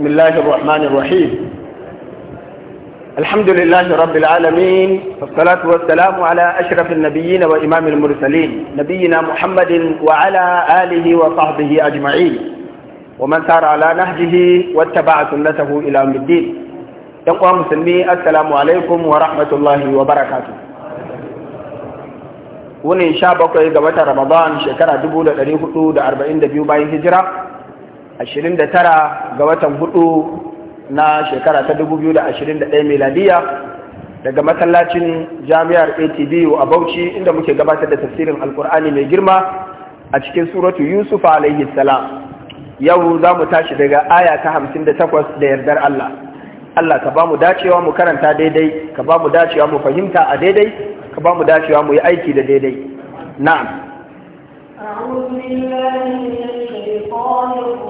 بسم الله الرحمن الرحيم الحمد لله رب العالمين والصلاة والسلام على أشرف النبيين وإمام المرسلين نبينا محمد وعلى آله وصحبه أجمعين ومن سار على نهجه واتبع سنته إلى يوم الدين يقوى مسلمي السلام عليكم ورحمة الله وبركاته وإن شاء الله رمضان شكرا دبولة shekara dubu da ɗari hudu 29 ga watan hudu na shekara ta 2021 miladiya daga masallacin jami'ar ATB a bauchi inda muke gabatar da tafsirin alkur'ani mai girma a cikin suratu yusuf alaihi salam yau za mu tashi daga aya ta 58 da yardar allah allah ka bamu mu dacewa mu karanta daidai ka bamu mu dacewa mu fahimta a daidai ka bamu mu dacewa mu yi aiki da daidai na'am أعوذ بالله من الشيطان الرجيم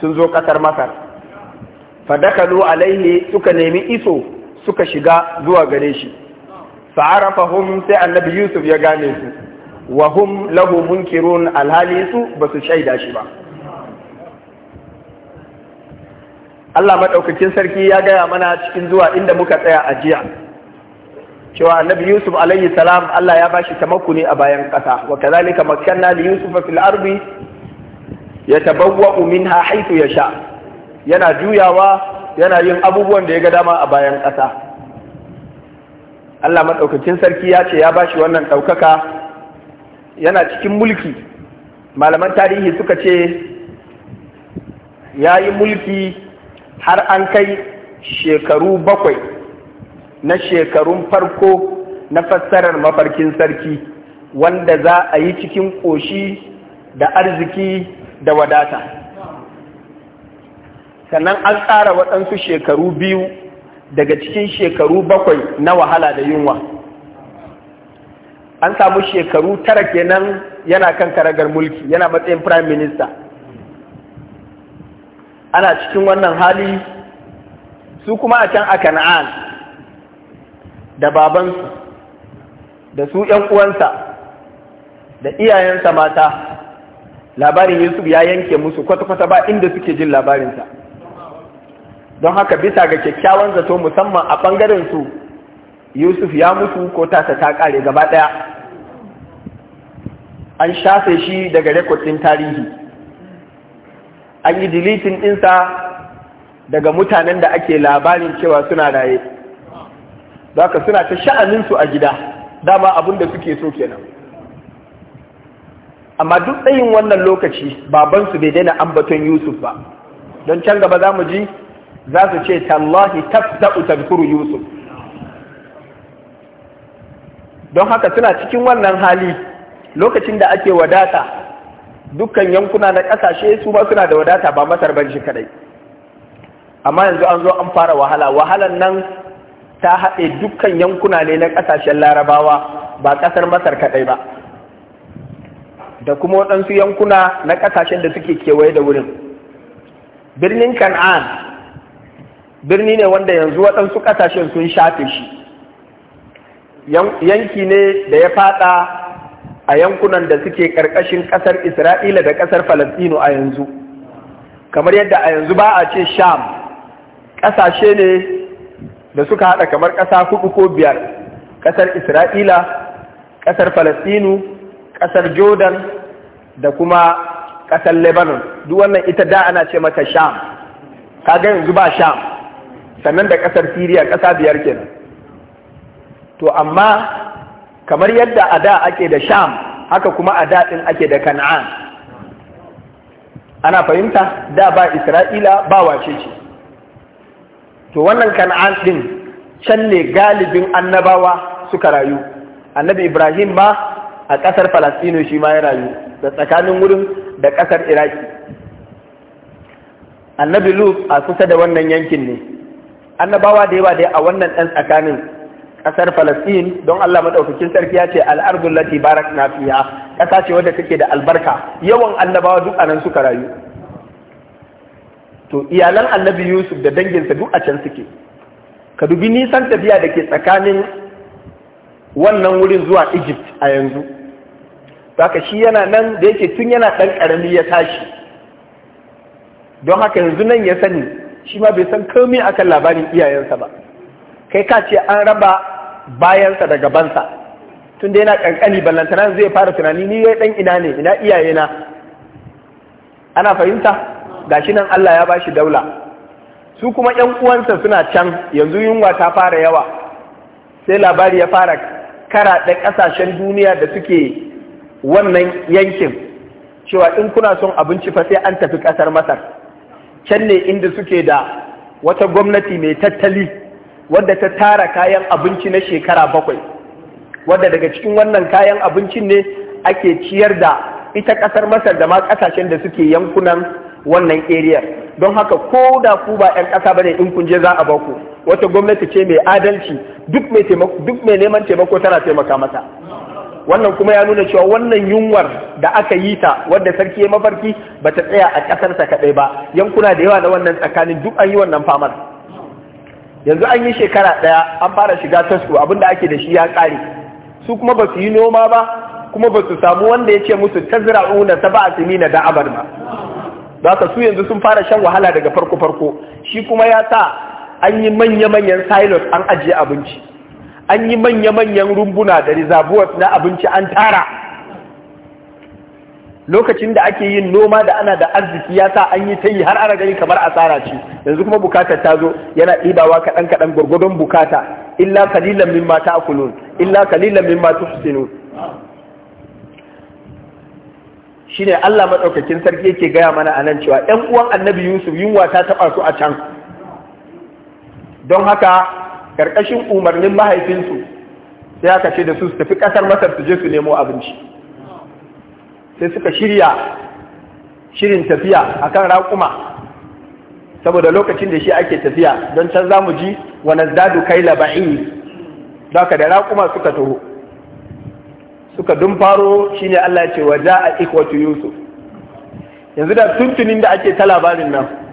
sun zo ƙasar masar fadakalu alaihi suka nemi iso suka shiga zuwa gare shi fa'arafahum sai annabi yusuf ya gane su wa hum lahu munkirun alhali su ba shaida shi ba Allah maɗaukakin sarki ya gaya mana cikin zuwa inda muka tsaya a jiya cewa annabi yusuf alayhi salam Allah ya bashi tamakuni a bayan ƙasa wa kazalika makkanna li yusufa fil ardi ya ha haifu ya sha yana juyawa yana yin abubuwan da ya ga dama a bayan ƙasa Allah maɗaukakin sarki ya ce ya bashi wannan ɗaukaka yana cikin mulki malaman tarihi suka ce ya yi mulki har an kai shekaru bakwai na shekarun farko na fassarar mafarkin sarki wanda za a yi cikin ƙoshi da arziki da wadata sannan an tsara waɗansu shekaru biyu daga cikin shekaru bakwai na wahala da yunwa an samu shekaru tara kenan yana kan karagar mulki yana matsayin prime minister ana cikin wannan hali su kuma a can a kana'an da babansu da su ‘yan uwansa da iyayensa mata labarin yusuf ya yanke musu kwata-kwata ba inda suke jin labarinsa don haka bisa ga kyakkyawan zato musamman a ɓangaren su yusuf ya mutu ko tasa ta ƙare gaba ɗaya an shafe shi daga rekodin tarihi an yi dilitin ɗinsa daga mutanen da ake labarin cewa suna raye za ka suna ta sha'aninsu a gida dama abin da suke so kenan amma duk tsayin wannan lokaci babansu bai daina ambaton Yusuf ba don can gaba za mu ji za su ce tallahi tafta'u tadhkuru Yusuf don haka suna cikin wannan hali lokacin da ake wadata dukkan yankuna na ƙasashe su ba suna da wadata ba masar ban shi kadai amma yanzu an zo an fara wahala wahalan nan ta haɗe dukkan yankuna ne na ƙasashen larabawa ba ƙasar masar kadai ba da kuma waɗansu yankuna na ƙasashen da suke kewaye da wurin birnin kan'an birni ne wanda yanzu waɗansu ƙasashen sun shafe shi yanki ne da ya faɗa a yankunan da suke ƙarƙashin ƙasar isra'ila da ƙasar falastino a yanzu kamar yadda a yanzu ba a ce sham ƙasashe ne da suka haɗa kamar ƙasa hudu ko biyar ƙasar isra'ila ƙasar falastino ƙasar jordan da kuma ƙasar lebanon duk wannan ita da ana ce mata sham kaga yanzu ba sham sannan da ƙasar siriya ƙasa biyar kenan to amma kamar yadda a da ake da sham haka kuma a da ɗin ake da kan'an ana fahimta da ba isra'ila ba wace ce to wannan kan'an ɗin can ne galibin annabawa suka rayu annabi ibrahim ma a ƙasar falastino shi ma ya rayu da tsakanin wurin da ƙasar iraki annabi luke a kusa da wannan yankin ne annabawa da yawa dai a wannan ɗan tsakanin ƙasar falastin don allah maɗaukakin sarki ya ce al'ardun lati barak na fiya ƙasa ce wadda take da albarka yawan annabawa duk anan suka rayu to iyalan annabi yusuf da danginsa duk a can suke ka dubi nisan tafiya da ke tsakanin wannan wurin zuwa egypt a yanzu haka shi yana nan da yake tun yana ɗan ƙarami ya tashi don haka yanzu nan ya sani shi ma bai san komi akan labarin iyayensa ba kai ka ce an raba bayansa da gabansa tun da yana ƙanƙani ballantana zai fara tunani ni ya ɗan ina ne ina iyayena ana fahimta gashi nan Allah ya bashi daula su kuma ‘yan uwansa suna can yanzu yunwa ta fara yawa sai labari ya fara karaɗe ƙasashen duniya da suke wannan yankin cewa in kuna son abinci fa sai an tafi ƙasar masar can ne inda suke da wata gwamnati mai tattali wadda ta tara kayan abinci na shekara bakwai wadda daga cikin wannan kayan abincin ne ake ciyar da ita ƙasar masar da ma ƙasashen da suke yankunan wannan area don haka ko da ku ba 'yan ƙasa bane in kun je za a baku wata gwamnati ce mai adalci duk mai neman taimako tana taimaka mata wannan kuma ya nuna cewa wannan yunwar da aka yi ta wanda sarki ya mafarki ba ta tsaya a sa kadai ba yankuna da yawa na wannan tsakanin duk an yi wannan famar yanzu an yi shekara ɗaya an fara shiga tasku abin da ake da shi ya ƙare su kuma ba su yi noma ba kuma ba su samu wanda ya ce musu ta ta ba a sinina na da'abar ba za su yanzu sun fara shan wahala daga farko farko shi kuma ya sa an yi manya-manyan silos an ajiye abinci an yi manya-manyan rumbuna da rizabuwa na abinci an tara lokacin da ake yin noma da ana da arziki ya sa an yi ta yi har ana gani kamar asara ce yanzu kuma bukatar ta zo yana ɗibawa kaɗan kaɗan gwargwadon bukata illa kalilan min mata akulun illa kalilan min mata Shi ne Allah maɗaukakin sarki yake gaya mana a nan cewa ‘yan uwan annabi Yusuf yunwa ta taɓa su a can don haka ƙarƙashin umarnin mahaifinsu sai aka ce da su su tafi ƙasar masar su je su nemo abinci sai suka shirya shirin tafiya akan raƙuma saboda lokacin da shi ake tafiya don can za mu ji wani zadu kai laba'i za ka da raƙuma suka taho suka dun faro shi ne Allah ce wa za a ikwatu Yusuf yanzu da tuntunin da ake ta labarin nan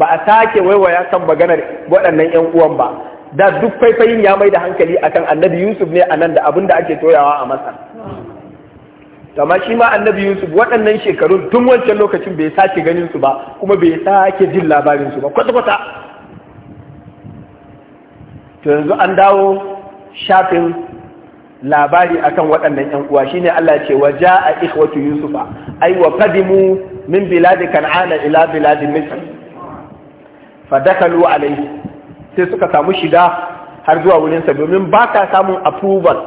ba a sake waiwaya kan maganar waɗannan ‘yan uwan ba da duk faifayin ya mai da hankali akan annabi yusuf ne a nan da abin da ake toyawa a masar amma shi ma annabi yusuf waɗannan shekarun tun wancan lokacin bai sake ganin su ba kuma bai sake jin labarin su ba kwata-kwata to yanzu an dawo shafin labari akan waɗannan ‘yan uwa shine Allah ce wa ja'a ikhwatu yusufa ai wa qadimu min biladi kan'ana ila biladi misr fadakalu alai sai suka samu shiga har zuwa wurin sa domin ba ka samun approval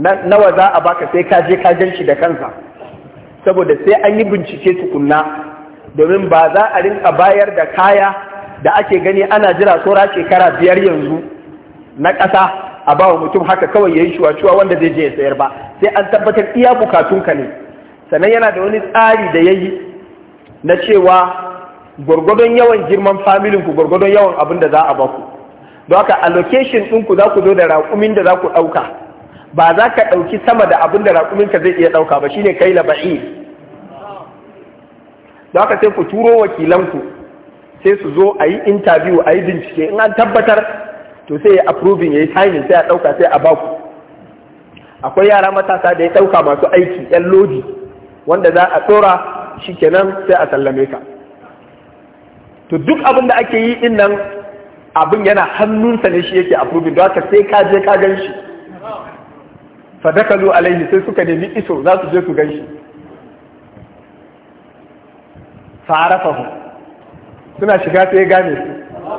nawa za a baka sai ka je ka gan shi da kansa saboda sai an yi bincike tukunna domin ba za a rinka bayar da kaya da ake gani ana jira tsora shekara biyar yanzu na ƙasa a ba wa mutum haka kawai ya yi shuwa-shuwa wanda zai je ya sayar ba sai an tabbatar iya bukatunka ne sannan yana da wani tsari da ya yi na cewa gwargwadon yawan girman familin ku gwargwadon yawan abin da za a baku don haka allocation ɗinku ku za ku zo da raƙumin da za ku ɗauka ba za ka ɗauki sama da abin da raƙumin ka zai iya ɗauka ba shine kai laba'i don haka sai ku turo wakilanku sai su zo a yi interview a yi bincike in an tabbatar to sai ya approving ya yi signing sai a ɗauka sai a baku akwai yara matasa da ya ɗauka masu aiki 'yan lodi wanda za a tsora shi kenan sai a sallame ka to duk abin da ake yi din nan abin yana hannunsa ne shi yake approving don haka sai ka je ka gan shi fadakalu alaihi sai suka nemi iso za su je su gan shi fa'arafahu suna shiga sai gane su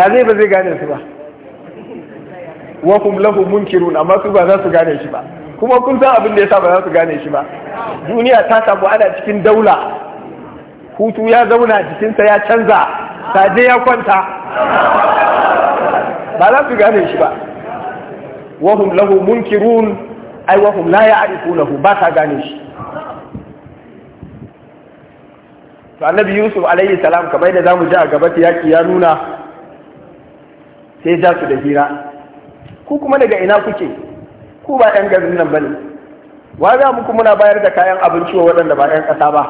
ya zai ba zai gane su ba wa kum lahu munkirun amma su ba za su gane shi ba kuma kun san abin da yasa ba za su gane shi ba duniya ta samu ana cikin daula hutu ya zauna jikinsa ya canza saje ya kwanta ba za su gane shi ba wahum lahu munkirun ai wahum la hu, ba ta gane shi to annabi yusuf alayhi salam kamar da zamu ji a gaba ta yaki ya nuna sai za su da hira ku kuma daga ina kuke ku ba yan garin nan bane wa za mu kuma muna bayar da kayan abinci wa waɗanda ba yan ƙasa ba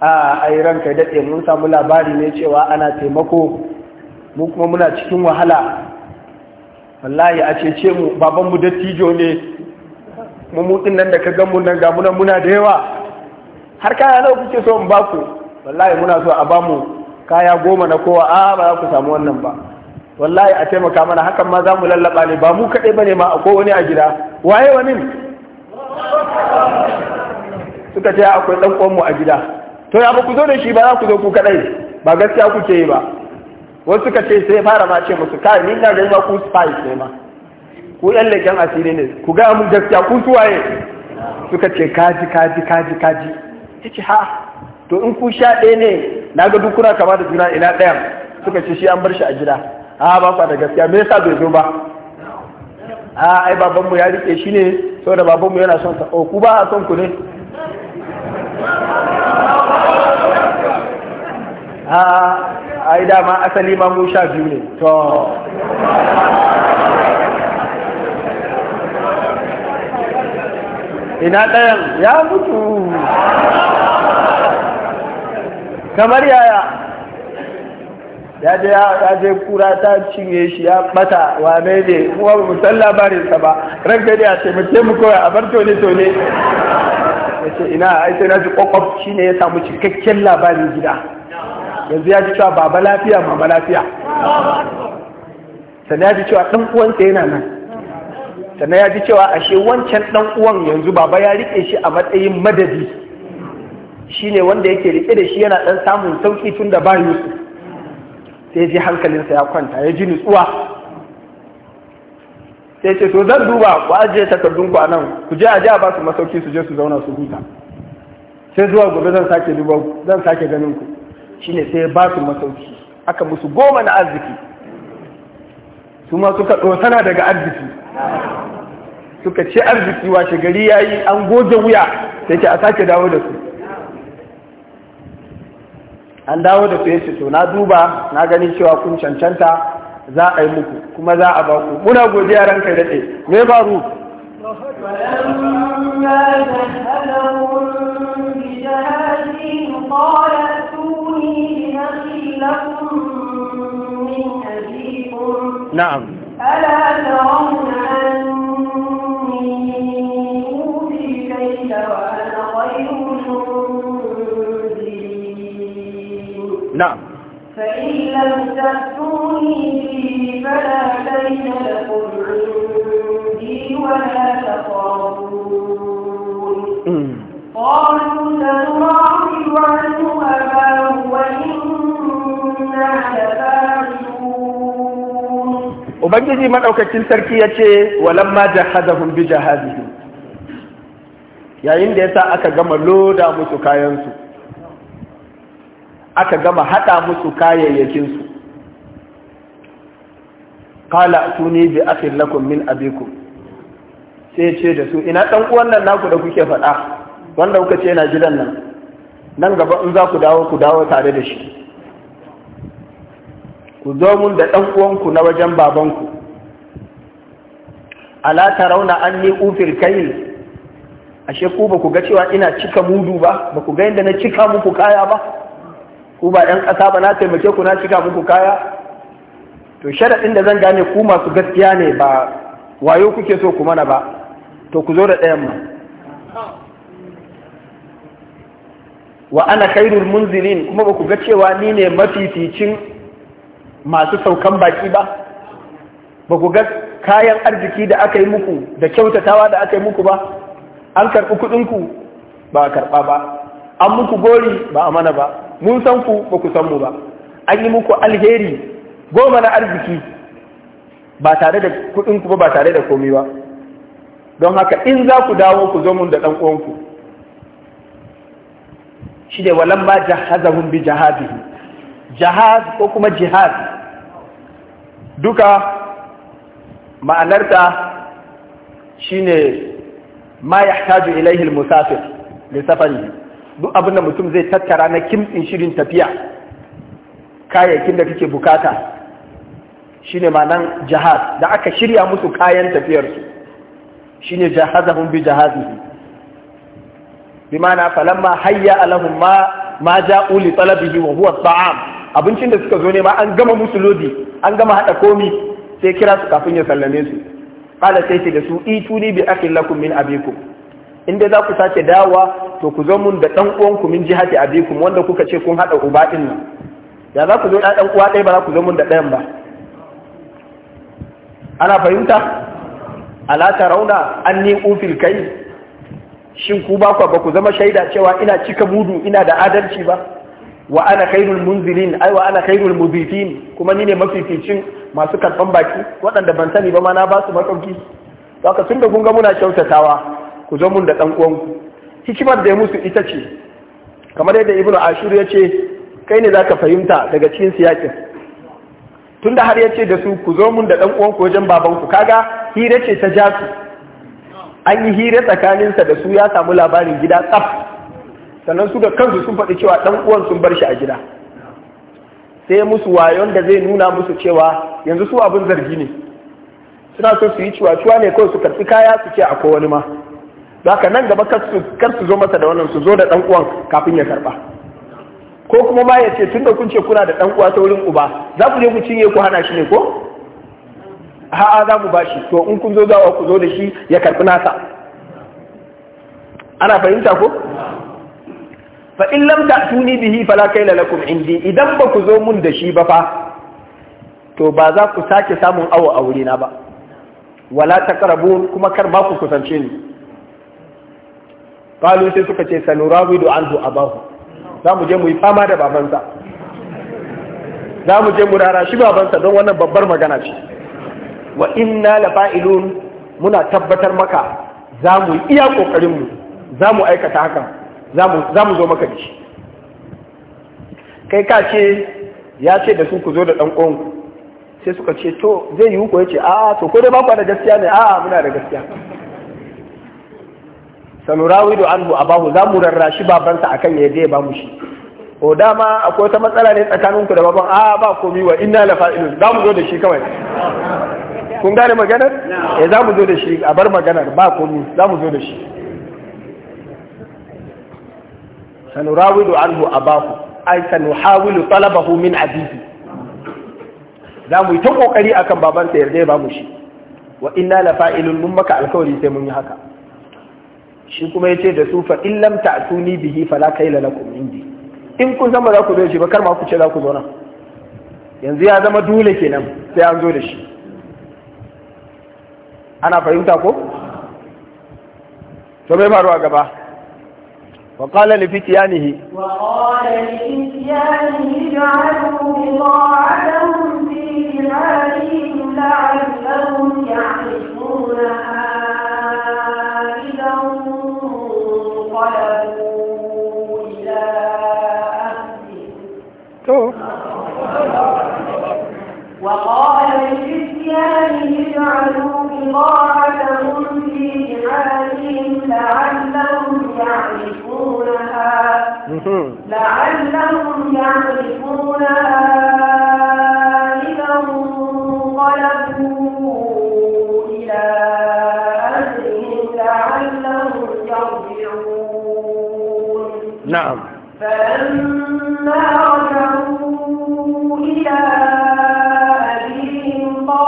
a ai ranka daɗe mun samu labari ne cewa ana taimako mu kuma muna cikin wahala wallahi a cece mu babanmu dattijo ne mu mutun nan da ka gan mu nan ga muna muna da yawa har kaya nawa kuke so mu baku wallahi muna so a bamu kaya goma na kowa a ba za ku samu wannan ba wallahi a taimaka mana hakan ma za mu lallaba ne ba mu kaɗai ba ne ma akwai wani a gida waye wani suka ce akwai ɗan mu a gida to ya ba ku zo da shi ba za ku zo ku kadai ba gaskiya kuke yi ba wasu suka ce sai fara ma ce musu kai ni na ganin ku spice ne ma ku yan leken asiri ne ku ga mu gaskiya ku suwaye suka ce kaji kaji kaji kaji ce ha to in ku sha ɗaya ne na ga duk kuna kama da juna ina ɗayan suka ce shi an bar shi a gida a ba ku da gaskiya me yasa bai zo ba a ai babanmu ya rike shi ne saboda babanmu yana son sa o oh, ku ba a son ku ne ha ai dama asali ma mu sha biyu ne to ina ɗayan ya mutu kamar yaya ya je kura ta cinye shi ya bata wa ne kuma ba san sa ba ranka dai a taimake mu kawai a bar tone tone ina ai sai na ji kwakwaf shi ya samu cikakken labarin gida yanzu ya ji cewa baba lafiya mama lafiya sannan ya ji cewa ɗan uwansa yana nan sannan ya ji cewa ashe wancan ɗan uwan yanzu baba ya riƙe shi a matsayin madadi shi ne wanda yake riƙe da shi yana ɗan samun sauƙi tun da ba Yusuf sai ji hankalinsa ya kwanta ya ji nutsuwa sai ce to zan duba ku ajiye takardun ku a nan ku je a ji a ba su masauki su je su zauna su huta sai zuwa gobe zan sake duba zan sake ganin ku shine sai ba su masauki aka musu goma na arziki su ma suka ɗosana daga arziki suka ce arziki washe gari ya yi an goge wuya sai ke a sake dawo da su an dawo da su ya ce to na duba na gani cewa kun cancanta za a yi muku kuma za a baku muna godiya ranka da ɗaya mai ba ru نعم ألا ترون أني أوفي وأنا خير نعم فإن لم تأتوني فلا بين لكم عندي ولا تقربون Ubangiji maɗaukakin sarki ya ce, Walamma jahazahun bi jahazihim, yayin da ya sa aka gama loda musu kayansu, aka gama haɗa musu kayayyakinsu, kala su ne bi akin lakon min abiku, sai ce da su, ina ɗan nan naku da kuke faɗa, wanda kuka ce yana gidan nan nan gaba in za ku dawo ku dawo tare da shi ku zo mun da ɗan uwanku na wajen babanku ala tarauna an ni ufir kayil ashe ku ba ku ga cewa ina cika mudu ba ba ku ga yadda na cika muku kaya ba ku ba ɗan ƙasa ba na taimake ku na cika muku kaya to sharaɗin da zan gane ku masu gaskiya ne ba wayo kuke so ku mana ba to ku zo da ɗayan mu. wa ana khairul munzilin kuma ba ku ga cewa ni ne mafificin masu saukan baki ba ba ku ga kayan arziki da aka yi muku da kyautatawa da aka yi muku ba an karɓi kuɗinku ba a karɓa ba an muku gori ba a mana ba mun san ku ba ku san mu ba an yi muku alheri goma na arziki ba tare da kuɗinku ba ba tare da komai ba don haka in za ku dawo ku zo mun da ɗan uwanku shi ne walan ma jahazahun bi jahazihi jahaz ko kuma jihaz duka ma'anarta shi ne ma ya haju ilaihil musafir safari duk abin da mutum zai tattara na kimtsin shirin tafiya kayayyakin da kake bukata shi ne ma'anar jihaz da aka shirya musu kayan tafiyarsu shi ne jahazahun bi jahazihi bimana falamma hayya alahum ma ma ja'u li talabihi wa huwa ta'am abincin da suka zo ne ma an gama musu lodi an gama hada komi sai kira su kafin ya sallame su qala sai ce da su ituni bi akhil lakum min abikum inda za ku sace dawa to ku zo mun da dan uwanku min jihati abikum wanda kuka ce kun hada uba din nan ya za ku zo da dan uwa dai ba za ku zo mun da dayan ba ana fahimta ala tarawna anni ufil kai shin ku ba ku ba ku zama shaida cewa ina cika mudu ina da adalci ba wa ana khairul munzilin ai wa ana khairul kuma ni ne mafificin masu karban baki waɗanda ban sani ba ma na ba su makauki haka tunda kun ga muna kyautatawa ku zo mun da dan uwanku hikimar da ya musu ita ce kamar yadda ibnu ashur ya ce kai ne zaka fahimta daga cikin siyakin tunda har ya ce da su ku zo mun da dan uwanku wajen baban babanku kaga hira ce ta jasu an yi hira tsakaninsa da su ya samu labarin gida tsaf sannan su da kansu sun faɗi cewa ɗan uwan sun bar shi a gida sai musu wayon da zai nuna musu cewa yanzu su abin zargi ne suna so su yi cewa cewa ne kawai su karɓi kaya su ce a wani ma ka nan gaba kar su zo masa da wannan su zo da ɗan uwan kafin ya karɓa ko kuma ma ya ce tun da kun ce kuna da ɗan uwa ta wurin uba za ku je ku cinye ku hana shi ne ko a'a za mu bashi to in kun zo zawa ku zo da shi ya karɓi nasa ana fahimta ko fa in lam ta'tuni bihi fala kayla lakum indi idan ba ku zo mun da shi ba fa to ba za ku sake samun awo a wuri na ba wala taqrabu kuma kar ba ku kusance ni qalu sai suka ce sanurawidu anhu abahu za mu je mu yi fama da babansa za mu je mu rara shi babansa don wannan babbar magana ce wa inna la fa'ilun muna tabbatar maka za mu iya kokarin mu za mu aikata hakan za mu zo maka da kai ka ce ya ce da su ku zo da ɗan ƙonku sai suka ce to zai yiwu ko ya a to ko dai ba ku da gaskiya ne a muna da gaskiya sanurawi da anhu abahu za mu rarrashi babansa akan ya je ba mu shi o dama akwai wata matsala ne tsakaninku da baban a ba komi wa inna la fa'ilun za mu zo da shi kawai kun gane maganar eh za mu zo da shi a bar maganar ba komi za mu zo da shi sanurawidu anhu abahu ai sanuhawilu talabahu min abihi za mu yi ta kokari akan babansa yarda ya ba mu shi wa inna la fa'ilun mun maka alkawari sai mun yi haka shi kuma yace da su fa in lam ta'tuni bihi fala kayla lakum indi in kun zama za ku zo shi ba kar ma ku ce za ku zo nan yanzu ya zama dole kenan sai an zo da shi ana fahimta ko to bai faru gaba وقال لفتيانه وقال لفتيانه اجعلوا بضاعتهم في رمالهم لعلهم يعرفونها إذا انقلبوا إلى أهلهم وقال الرجال اجعلوا بضاعتهم في جمالهم لعلهم يعرفونها لعلهم يعرفونها إذا انقلبوا إلى أهلهم لعلهم يرجعون نعم فلما رجعوا إلى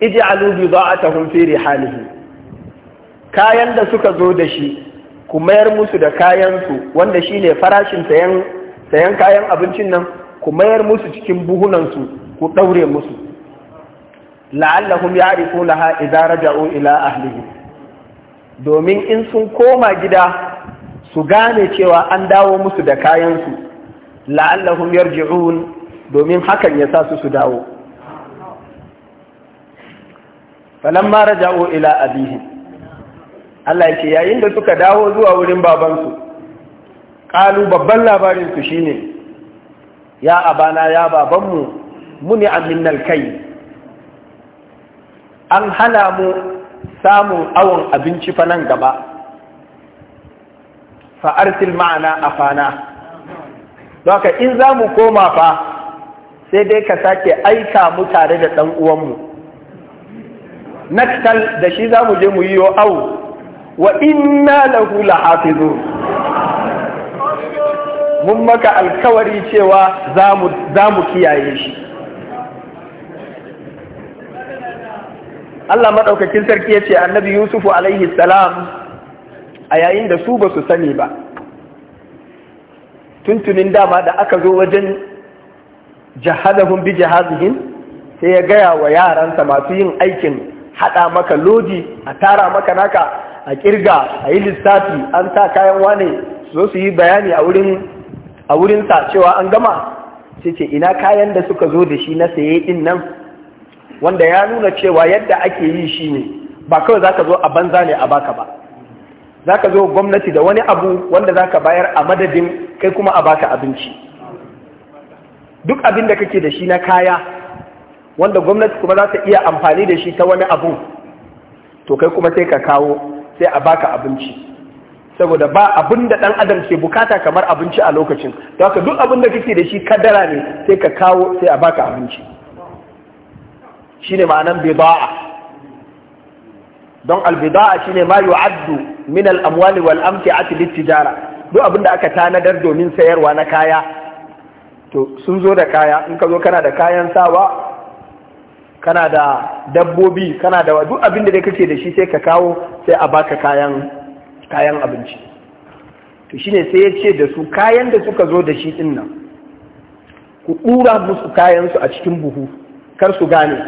Iji alubi a tahun fere halihi kayan da suka zo da shi ku mayar musu da kayansu, wanda shi ne farashin sayan kayan abincin nan ku mayar musu cikin buhunansu, ku ɗaure musu la'allahum ya'rifunaha idza raja'u ila ahlihi. domin in sun koma gida su gane cewa an dawo musu da kayansu su la'allahum yarji'un domin hakan ya sa su su dawo falamma raja'u ila abihi Allah yake yayin da suka dawo zuwa wurin babansu qalu babban labarin su shine ya abana ya babanmu muni aminnal kai an hana mu samun awon abinci fa nan gaba fa arsil ma'ana afana doka in za mu koma fa sai dai ka sake aika mu tare da ɗan uwanmu naktal da shi za mu je mu yi au wa inna lahu hafizu mun maka alkawari cewa za mu kiyaye shi Allah maɗaukakin sarki ya ce annabi Yusufu alaihi salam a yayin da su ba su sani ba tuntunin dama da aka zo wajen jahadahun bi jihazihim sai ya gaya wa yaransa masu yin aikin haɗa maka lodi a tara maka naka a ƙirga, a yi lissafi an sa kayan wane so su yi bayani a wurinsa cewa an gama sai ce ina kayan da suka zo da shi na saye ɗin nan wanda ya nuna cewa yadda ake yi shi ne ba kawai za ka zo a banza ne a baka ba za ka zo gwamnati da wani abu wanda za ka bayar a madadin kai kuma a baka abinci duk abin da kake da shi na kaya wanda gwamnati kuma za ta iya amfani da shi ta wani abu to kai kuma sai ka kawo sai a baka abinci saboda ba abin da ɗan adam ke bukata kamar abinci a lokacin to haka duk abin da kake da shi kadara ne sai ka kawo sai a baka abinci shine ma'anan bida'a don albida'a shine ma yu'addu min al-amwali wal amti'ati lit-tijara duk abin da aka tanadar domin sayarwa na kaya to sun zo da kaya in ka zo kana da kayan sawa kana da dabbobi kana da duk abin da kake da shi sai ka kawo sai a baka kayan kayan abinci to shine sai yace da su kayan da suka zo da shi din nan ku dura musu kayan su a cikin buhu kar su gane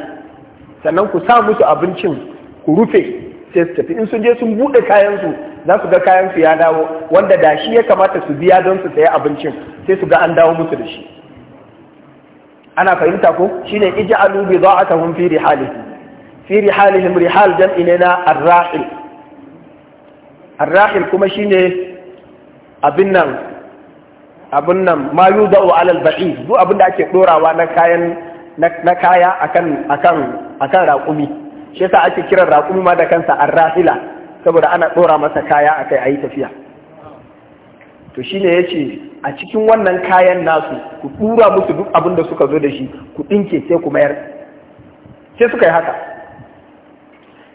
sannan ku sa musu abincin ku rufe sai su tafi in sun je sun bude kayan su za su ga kayan su ya dawo wanda da shi ya kamata su biya don su sayi abincin sai su ga an dawo musu da shi ana fahimta ko shine ij'alu bida'atahum fi rihalihim fi rihalihim rihal jam'i ne na ar-rahil kuma shine abin nan abin nan ma yudau alal ba'i duk abin da ake dorawa na kayan na kaya akan akan akan raƙumi shi yasa ake kiran raƙumi ma da kansa ar saboda ana dora masa kaya akai ayi tafiya to shine yace a cikin wannan kayan nasu ku tura musu duk abin da suka zo da shi ku ɗinke sai ku mayar sai suka yi haka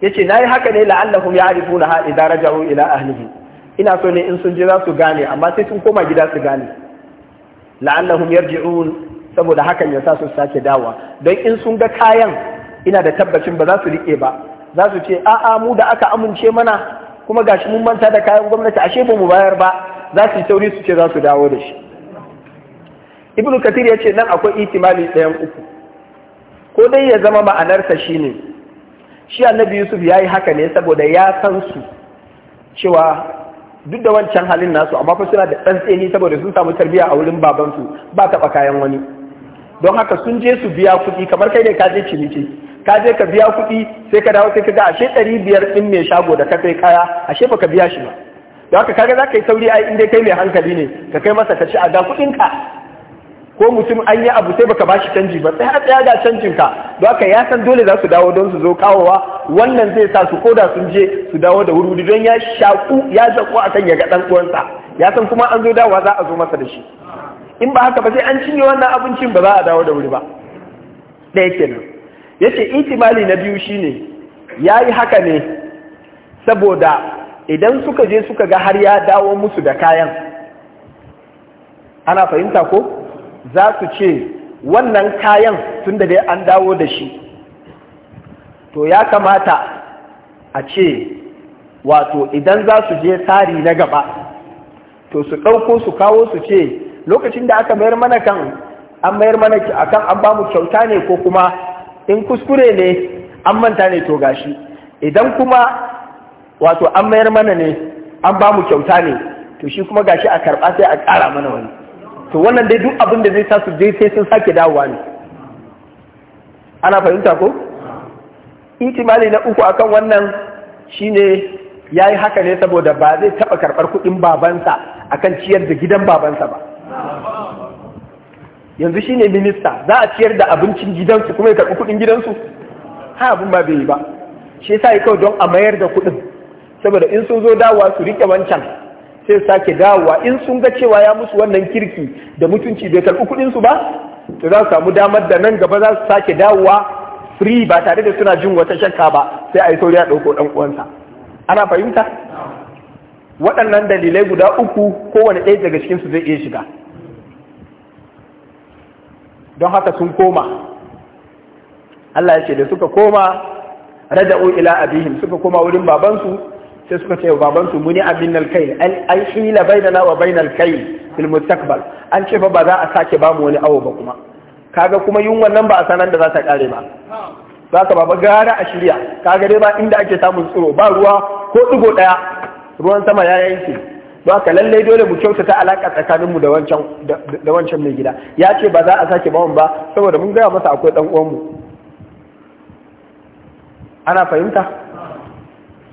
ya ce na yi haka ne la'allahum ya arifu na haɗe da rajahu ila ahlihi ina so ne in sun je za su gane amma sai sun koma gida su gane la'allahum yarji'un saboda hakan ya sa su sake dawa don in sun ga kayan ina da tabbacin ba za su riƙe ba za su ce a'a mu da aka amince mana kuma gashi mun manta da kayan gwamnati ashe ba mu bayar ba za su yi sauri su ce za su dawo da shi ibn kathir ya ce nan akwai itimali ɗayan uku ko dai ya zama ma'anarsa shine shi annabi yusuf ya yi haka ne saboda ya san su cewa duk da wancan halin nasu amma fa suna da ɗan tsini saboda sun samu tarbiya a wurin babansu ba taɓa kayan wani don haka sun je su biya kuɗi kamar kai ne ka je ciniki ka je ka biya kuɗi sai ka dawo sai ka ga ashe ɗari biyar ɗin mai shago da ka kai kaya ashe ba ka biya shi ba da haka kaga ka yi sauri ai inda kai mai hankali ne ka kai masa ka ci a da ka ko mutum an yi abu sai baka bashi canji ba sai a tsaya ga canjin ka don haka ya san dole za su dawo don su zo kawowa wannan zai sa su koda sun je su dawo da wuri don ya shaku ya zaku akan ya ga ɗan uwansa ya san kuma an zo dawowa za a zo masa da shi in ba haka ba sai an cinye wannan abincin ba za a dawo da wuri ba ɗaya kenan ya ce itimali na biyu shine ya yi haka ne saboda idan suka je suka ga har ya dawo musu da kayan ana fahimta ko za su ce wannan kayan tun da dai an dawo da shi to ya kamata a ce wato idan za su je tsari na gaba to su ɗauko su kawo su ce lokacin da aka mayar mana kan an mayar mana a kan an ba mu kyauta ne ko kuma in kuskure ne an manta ne to gashi idan kuma wato an mayar mana ne an ba mu kyauta ne to shi kuma gashi a karɓa sai a ƙara mana wani to wannan dai duk abin da zai sa su dai sai sun sake dawowa ne ana fahimta ko itimali na uku akan wannan shine ya yi haka ne saboda ba zai taɓa karɓar kuɗin babansa akan ciyar da gidan babansa ba yanzu shine minista za a ciyar da abincin gidansu kuma ya karɓi kuɗin gidansu ha abin ba bai yi ba shi yasa ya kawai don a mayar da kuɗin saboda in sun zo dawowa su rike wancan sai sake dawowa in sun ga cewa ya musu wannan kirki da mutunci bai karɓi kuɗin su ba to za su samu damar da nan gaba za su sake dawowa free ba tare da suna jin wata shakka ba sai a yi sauri a ɗauko ɗan uwansa ana fahimta waɗannan dalilai guda uku kowane ɗaya daga cikin su zai iya shiga don haka sun koma Allah ya ce da suka koma raja'u ila abihim suka koma wurin babansu sai suka ce baban su muni abin kai. an hila da wa bainar kail fil mustaqbal an ce fa ba za a sake bamu wani awo ba kuma kaga kuma yunwan nan ba a sanar da za ta kare ba za ka baba gara a shirya kaga dai ba inda ake samun tsiro ba ruwa ko digo daya ruwan sama ya yanke Ba ka lallai dole mu kyautata alaƙa tsakaninmu da wancan da wancan mai gida ya ce ba za a sake bawon ba saboda mun gaya masa akwai ɗan mu. ana fahimta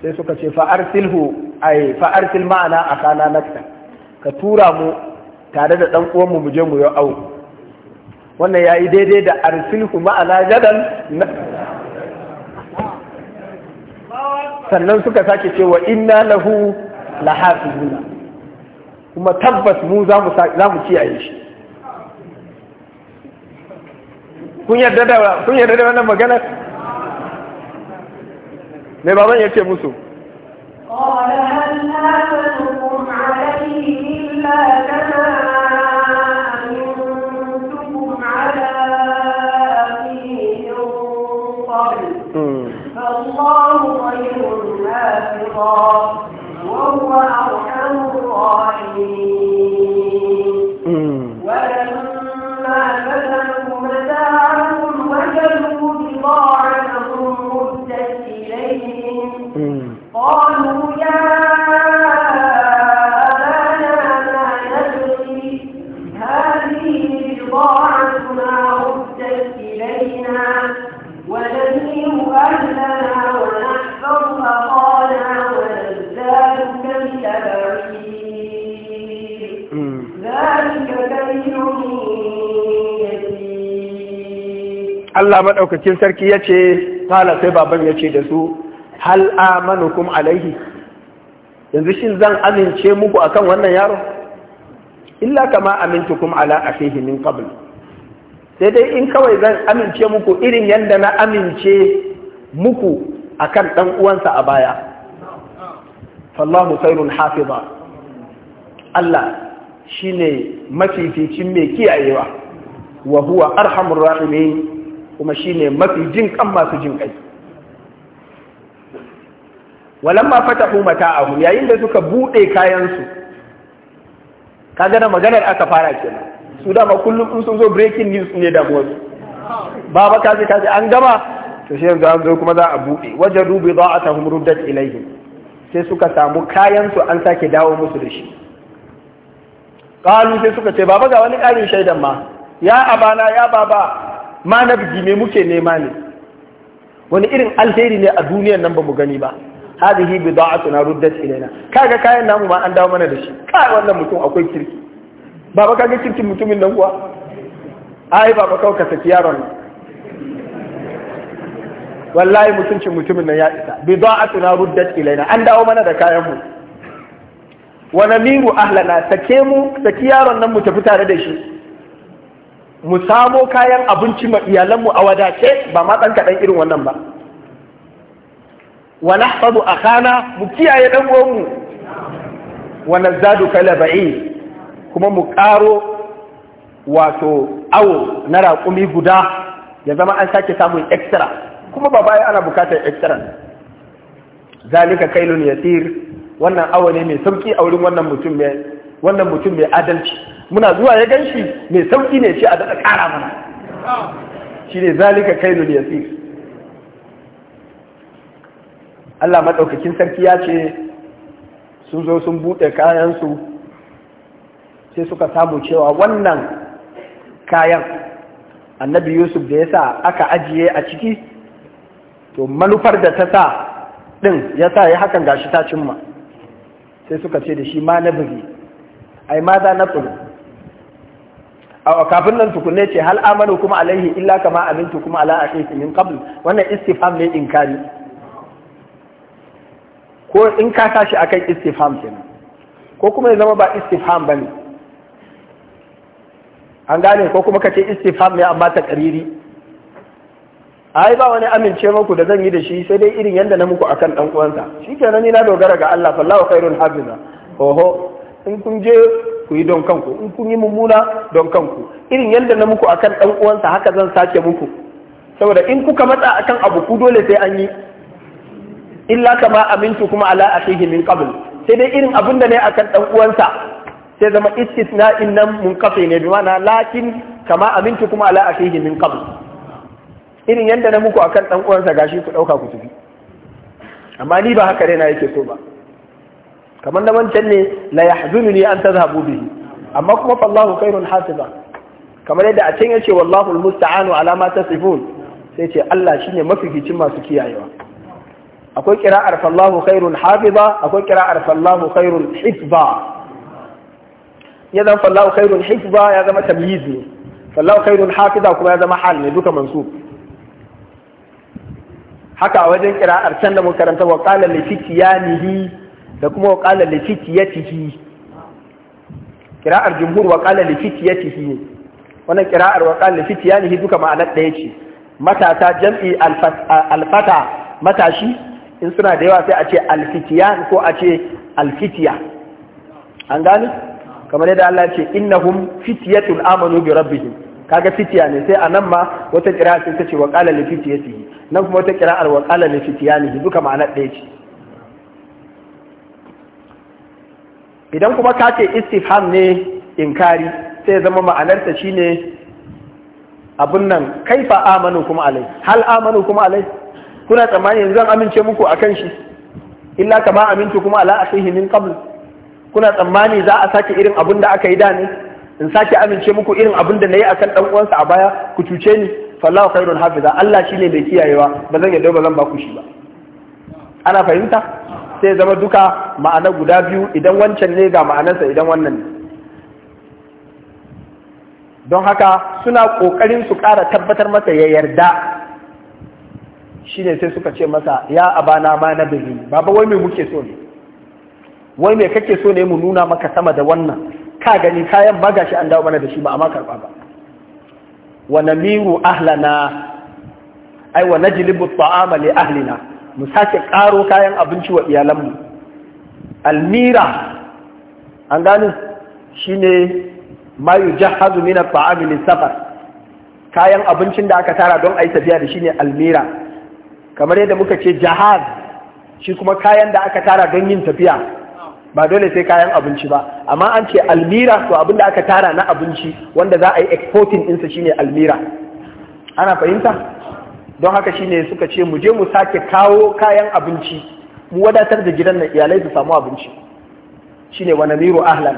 sai suka ce fa'arsilhu ai fa'arsil ma'ana a kana nakta ka tura mu tare da ɗan uwanmu mu je mu yi au wannan ya yi daidai da arsilhu ma'ana jadal sannan suka sake cewa inna lahu lahafizuna kuma tabbas mu za mu kiyaye shi kun yarda da wannan maganar mai baban ya ce musu قال هل آمنكم عليه إلا كما أمنتكم على أخيه من قبل فالله خير نافقا وهو أرحم Allah maɗaukakin sarki ya ce kala sai baban ya ce da su hal amanukum alaihi yanzu shi zan amince muku a kan wannan yaro illa kama amintukum ala akhihi min qabl sai dai in kawai zan amince muku irin yadda na amince muku akan ɗan uwansa a baya fallahu khairun hafiza Allah shi shine mafificin mai kiyayewa wa huwa arhamur rahimin kuma shi ne mafi jin kan masu jin kai walamma a mata'ahum yayin da suka buɗe kayansu, ka kaga maganar aka fara kenan su dama kullum in sun zo breaking news ne da wasu ba ba ka ce an gama to shi yanzu an zo kuma za a buɗe. rubi za a tafi ruddat ilaihi. sai suka samu kayansu an sake dawo musu da shi Kalu sai suka ce baba ga wani ƙarin shaidan ma ya abana ya baba ma nabji me muke nema ne wani irin alheri ne a duniyar nan ba mu gani ba hadhihi bid'atuna ruddat ilaina kaga kayan namu ma an dawo mana da shi kai wannan mutum akwai kirki baba kaga kirkin mutumin nan kuwa ai baba kawai ka saki yaron wallahi mutuncin mutumin nan ya isa bid'atuna ruddat ilaina an dawo mana da kayan mu wa namiru ahlana sake mu saki yaron nan mu tafi tare da shi mu samo kayan abinci ma iyalanmu a wadace ba ma ɗan kaɗan irin wannan ba wa a kana mu kiyaye dan uwanmu wa nazadu kalaba'i kuma mu ƙaro wato awo na raƙumi guda ya zama an sake samun extra kuma ba baya ana bukatar extra zalika kailun yasir wannan awo ne mai sauki a wurin wannan mutum mai wannan mutum mai adalci muna zuwa ya gan shi mai sauƙi ne shi a daɗa ƙara mana shi ne zalika kainul yasir Allah maɗaukakin sarki ya ce sun zo sun buɗe kayansu sai suka samu cewa wannan kayan annabi yusuf da ya sa aka ajiye a ciki to manufar da ta sa ɗin ya sa ya hakan gashi ta cimma sai suka ce da shi ma na bugi ai ma za na tsoro aw kafin nan tukunne ce hal amanu kuma alaihi illa kama amintu kuma ala akhihi min qabl wannan istifham ne inkari ko in ka tashi akan istifham din ko kuma ya zama ba istifham bane an gane ko kuma kace istifham ne amma ta kariri ai ba wani amince muku da zan yi da shi sai dai irin yanda na muku akan dan uwansa shikenan ni na dogara ga Allah sallahu khairul hafiza oho in kun je ku yi don kanku in kun yi mummuna don kanku irin yadda na muku akan dan uwansa haka zan sake muku saboda in kuka matsa akan abu ku dole sai an yi illa kama amintu kuma ala akhihi min qabl sai dai irin abin da ne akan dan uwansa sai zama istisna nan munqati ne bi ma'ana lakin kama amintu kuma ala akhihi min qabl irin yadda na muku akan dan uwansa gashi ku dauka ku tafi amma ni ba haka dai na yake so ba kamar na wancan ne la yahzununi an tazhabu bihi amma kuma fallahu khairun hasiba kamar yadda a can ya ce wallahu almusta'anu ala ma tasifun sai ce Allah shine mafificin masu kiyayewa akwai qira'ar fallahu khairun hafiza akwai qira'ar fallahu khairun hifza ya zama fallahu khairun hifza ya zama tamyiz ne fallahu khairun hafiza kuma ya zama hal ne duka mansub haka a wajen qira'ar can da mun karanta wa qala li fityanihi da kuma wa ƙala lifitiyatihi kira'ar jumhur wa ƙala lifitiyatihi wannan kira'ar wa ƙala lifitiyanihi duka ma'anar ɗaya ce matasa jam'i alfata matashi in suna da yawa sai a ce alfitiyan ko a ce alfitiya an gani kamar yadda Allah ce innahum fitiyatul amanu bi rabbihim kaga fitiya ne sai anan ma wata kira'a sai ta ce wa qala li fitiyatihi nan kuma wata kira'ar wa qala fitiya fitiyanihi duka ma'anar ɗaya ce idan kuma ka ce istifham ne inkari sai zama ma'anarta shi ne abun nan kaifa amanu kuma alai hal amanu kuma alai kuna tsammani yanzu zan amince muku akan shi illa kama amintu kuma ala akhihi min qabl kuna tsammani za a sake irin abun da aka yi da ne in sake amince muku irin abun da nayi akan dan uwansa a baya ku cuce ni fallahu khairun hafiza Allah shine mai kiyayewa ba zan yadda ba zan ba ku shi ba ana fahimta sai zama duka ma'ana guda biyu idan wancan ne ga ma'anarsa idan wannan ne don haka suna ƙoƙarin su ƙara tabbatar masa ya yarda shi ne sai suka ce masa ya abana ma na bari baba wai mai muke so ne wai mai kake so ne mu nuna maka sama da wannan ka gani kayan ba gashi an dawo mana da shi ba amma karɓa ba wa namiru ahlana ai wa najlibu ta'ama li ahlina mu sake ƙaro kayan abinci wa iyalanmu almira an gani shi ne mayu jahazu mina fa'amilin safar kayan abincin da aka tara don a yi tafiya da shi ne almira kamar yadda muka ce jahaz shi kuma kayan da aka tara don yin tafiya ba dole sai kayan abinci ba amma an ce almira to abin da aka tara na abinci wanda za a yi exporting ɗinsa ne almira ana fahimta don haka shi ne suka ce mu je mu sake kawo kayan abinci mu wadatar da gidan na iyalai su samu abinci Shi ne wa namiru ahlan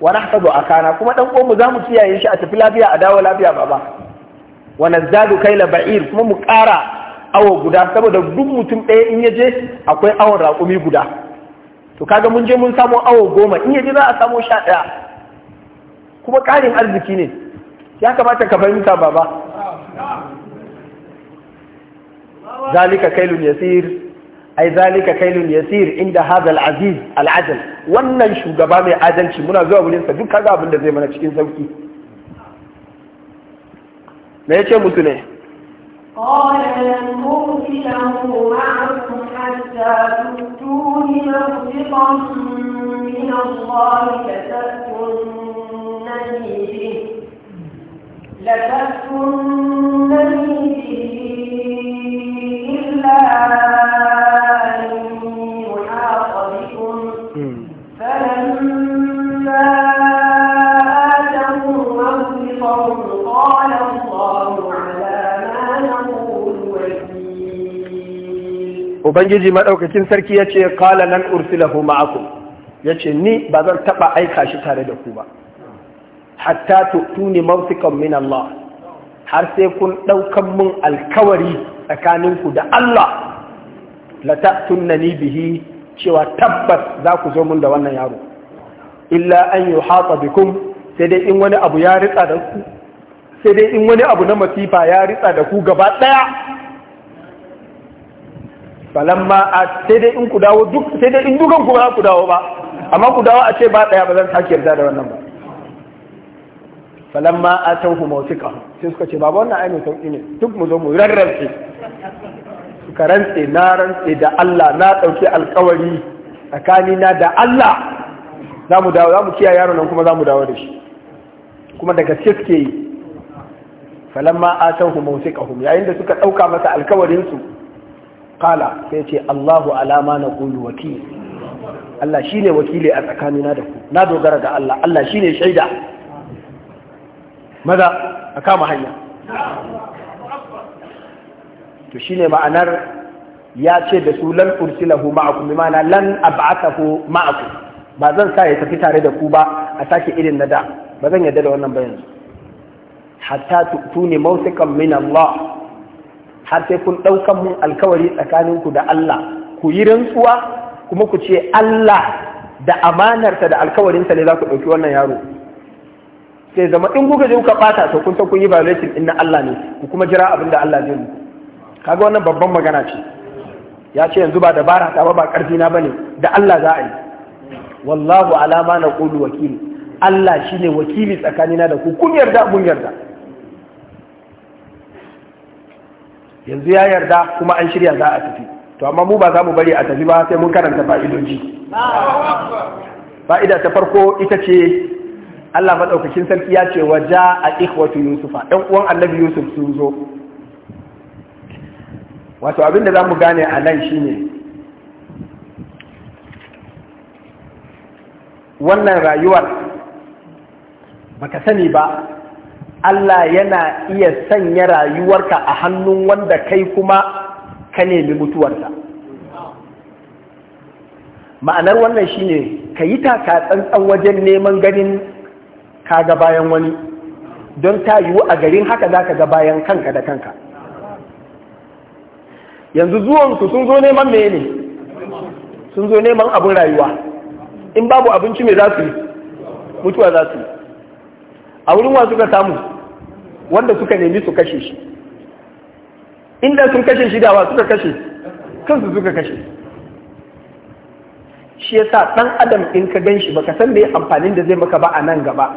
wa a akana kuma dan uwan mu zamu kiyaye shi a tafi lafiya a dawo lafiya baba wa nazadu kaila ba'ir kuma mu ƙara awo guda saboda duk mutum ɗaya in ya je akwai awon raƙumi guda to kaga mun je mun samu awo goma in ya je za a samu sha ɗaya kuma ƙarin arziki ne ya kamata ka fahimta baba ذلك كيل يسير أي ذلك كيل يسير عند هذا العزيز العدل وأن شغبان عدل شي منا زوا بولين سدك كذا أبن ده زمان شكين سوكي ما يشى مسنه قال لن أرسله معكم حتى تؤتوني مصدقا من الله لتأتونني به لتأتونني به ubangiji maɗaukakin sarki ya ce ƙala nan ursilahu ma'akum ya ce ni ba zan taɓa aika shi tare da ku ba hatta tuni mausikan min Allah har sai kun ɗaukan mun alkawari tsakaninku da Allah la ta'tunani bihi cewa tabbas za ku zo mun da wannan yaro illa an yuhata bikum sai dai in wani abu ya ritsa da ku sai dai in wani abu na masifa ya ritsa da ku gaba daya falamma a sai dai in ku dawo duk sai dai in dukan ku ba ku dawo ba amma ku dawo a ce ba daya ba zan sake yarda da wannan ba falamma atawhu mawtiqahum sai suka ce baba wannan ai mai sauki ne duk mu zo mu rarrafe. suka rantse na rantse da Allah na ɗauki alkawari tsakanina da Allah za mu dawo za mu yaro nan kuma za mu dawo da shi kuma daga gaske suke yi falamma atawhu mawtiqahum yayin da suka ɗauka masa alkawarin su qala sai ce Allahu alama na naqulu wakil Allah shine wakili a tsakanina da ku na dogara ga Allah Allah shine shaida maza a kama hanya to shine ma'anar ya ce da su lan ursilahu ma'akum bi ma'ana lan ab'athahu ma'akum ba zan sa ya tafi tare da ku ba a sake irin na da ba zan yarda da wannan bayan yanzu hatta tuni mawsiqan min Allah har sai kun ɗaukan mun alkawari tsakaninku da Allah ku yi rantsuwa kuma ku ce Allah da amanarta da alkawarinsa ne za ku ɗauki wannan yaro sai zama in guga je kuka bata to kun ta kun yi violation inna na Allah ne ku kuma jira abin da Allah zai yi kaga wannan babban magana ce ya ce yanzu ba dabara ta ba ba karfi na bane da Allah za a yi wallahu ala ma naqulu wakili Allah shine wakili tsakanina da ku kun yarda mun yarda yanzu ya yarda kuma an shirya za a tafi to amma mu ba za mu bari a tafi ba sai mun karanta fa'idoji fa'ida ta farko ita ce Allah madaukakin sarki ya ce wa a ikhwatu yusufa ɗan uwan annabi yusuf sun zo wato da za mu gane a nan shine wannan rayuwar baka sani ba Allah yana iya sanya rayuwarka a hannun wanda kai kuma ka nemi mutuwarsa ma'anar wannan shine ka yi taka tsantsan wajen neman ganin ka ga bayan wani don ta yiwu a garin haka za ka ga bayan kanka da kanka yanzu zuwansu sun zo neman ne, sun zo neman abin rayuwa in babu abinci mai za su yi mutuwa za su yi a wurin wa suka samu wanda suka nemi su kashe shi inda sun kashe shi dawa suka kashe kansu suka kashe shi ya sa ɗan adam in ka gan shi ka san me amfanin da zai maka ba a nan gaba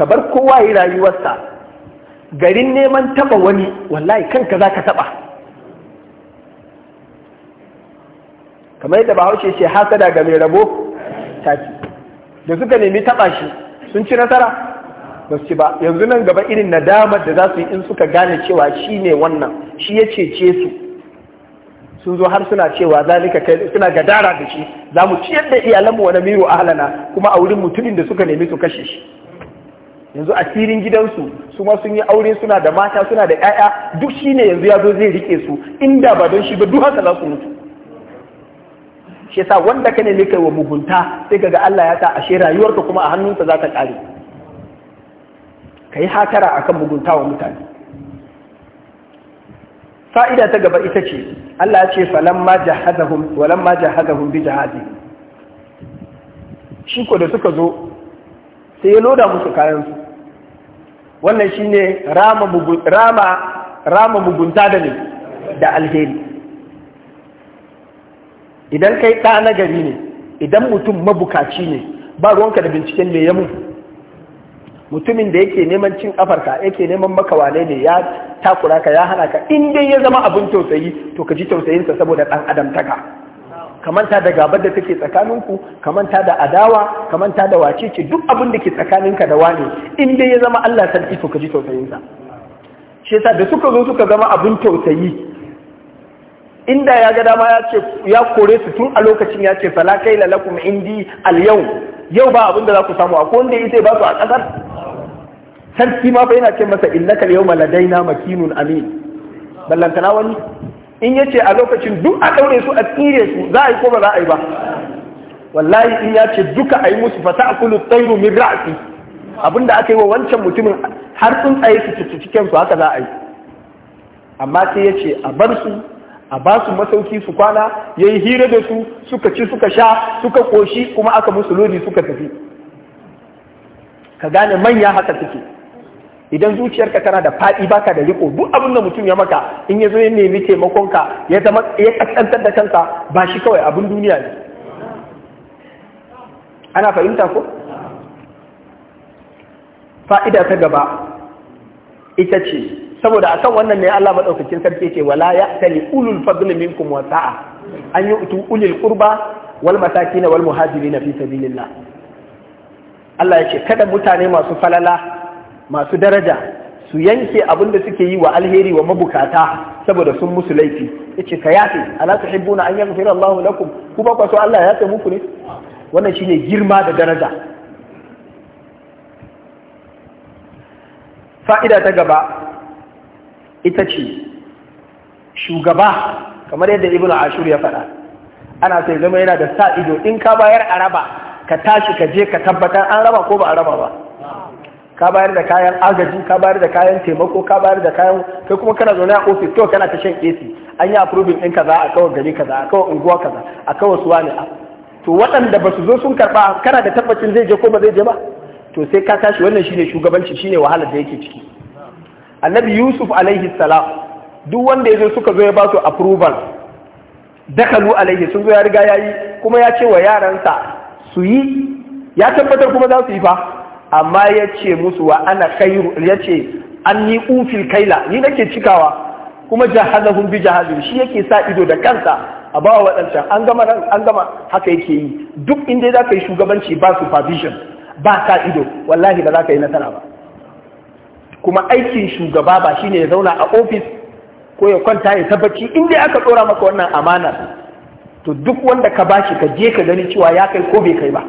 ka bar kowa yi rayuwarsa garin neman taba wani wallahi kanka za ka taba kamar yadda bahaushe ce hasada ga mai rabo taki da suka nemi taba shi sun ci nasara ba su ci ba yanzu nan gaba irin nadamar da za su yi in suka gane cewa shi ne wannan shi ya cece su sun zo har suna cewa zalika kai suna gadara da shi za mu ciyar da iyalanmu wani miro ahlana kuma a wurin mutumin da suka nemi su kashe shi yanzu a filin gidansu su ma sun yi aure suna da mata suna da 'ya'ya duk shine yanzu ya zo zai rike su inda ba don shi ba duk haka za su mutu shi yasa wanda ka ne kai wa mugunta sai kaga Allah ya sa ashe ka kuma a hannunsa za ka kare kai hatara akan mugunta wa mutane fa'ida ta gaba ita ce Allah ya ce falamma jahadahum walamma jahadahum bi jahadi shi ko da suka zo sai ya loda musu kayansu wannan shi ne rama mugunta da ne da alheri idan kai ɗa na gari ne idan mutum mabukaci ne ba ruwanka da binciken me ya mutumin da yake neman cin afarka yake neman makawane ne ya takura ka ya hana ka inda ya zama abin tausayi to ka ji tausayinsa saboda ɗan adam taka ka manta da gabar da take tsakaninku ka manta da adawa ka manta da wacece duk abin da ke tsakaninka da wane in dai ya zama Allah sarki to ka ji tausayinsa shi yasa da suka zo suka zama abin tausayi inda ya ga dama ya ce ya kore su tun a lokacin ya ce fala kai lalakum indi al yau yau ba abin da za ku samu a wanda ya ba su a kasar sarki ma fa yana ce masa innaka al yawma ladaina makinun amin ballantana wani in yace a lokacin duk a daure su a tsire su za a yi ko ba za a yi ba wallahi in yace duka a yi musu fata a kulu tsairu min ra'asi abinda aka yi wa wancan mutumin har sun tsaye su cikin cikin su haka za a yi amma sai yace a bar su a ba su masauki su kwana ya yi hira da su suka ci suka sha suka koshi kuma aka musu lodi suka tafi ka gane manya haka suke idan zuciyarka tana da faɗi baka da riko duk abin da mutum ya maka in ya zo ya nemi taimakonka ya zama ya kaskantar da kanka, ba shi kawai abin duniya ne ana fahimta ko fa'ida ta gaba ita ce saboda a kan wannan ne Allah maɗaukacin sarki ce wala ya tali ulul fadli minkum wa sa'a an utu ulul qurba wal masakin wal muhajirin fi sabilillah Allah ya ce kada mutane masu falala masu daraja su yanke abin da suke yi wa alheri wa mabukata saboda sun musu laifi yace ka yafe ala tuhibbuna an yaghfira Allahu lakum ku ba so Allah ya yafe muku ne wannan shine girma da daraja fa'ida ta gaba ita ce shugaba kamar yadda ibnu ashur ya faɗa ana sai zama yana da sa ido in ka bayar a raba ka tashi ka je ka tabbatar an raba ko ba a raba ba ka bayar da kayan agaji ka bayar da kayan taimako ka bayar da kayan kai kuma kana zaune a ofis to kana ta shan AC an yi approving din kaza a kawai gari kaza a kawai unguwa kaza a kawai suwa ne to waɗanda ba su zo sun karɓa kana da tabbacin zai je ko ba zai je ba to sai ka tashi wannan shine shugabanci shine wahalar da yake ciki annabi yusuf alaihi salam duk wanda ya zo suka zo ya ba su approval dakalu alaihi sun zo ya riga yayi kuma ya ce wa yaransa su yi ya tabbatar kuma za su yi fa amma ya ce musu wa ana khairu ya ce an ni ufil kaila ni nake cikawa kuma jahazahum bi jahazin shi yake sa ido da kansa a ba wa waɗancan an gama an gama haka yake yi duk inda za ka yi shugabanci ba supervision ba sa ido wallahi ba za ka yi nasara ba kuma aikin shugaba ba shine ya zauna a ofis ko ya kwanta ya tabbaci inda aka tsora maka wannan amana to duk wanda ka bashi ka je ka gani cewa ya kai ko bai kai ba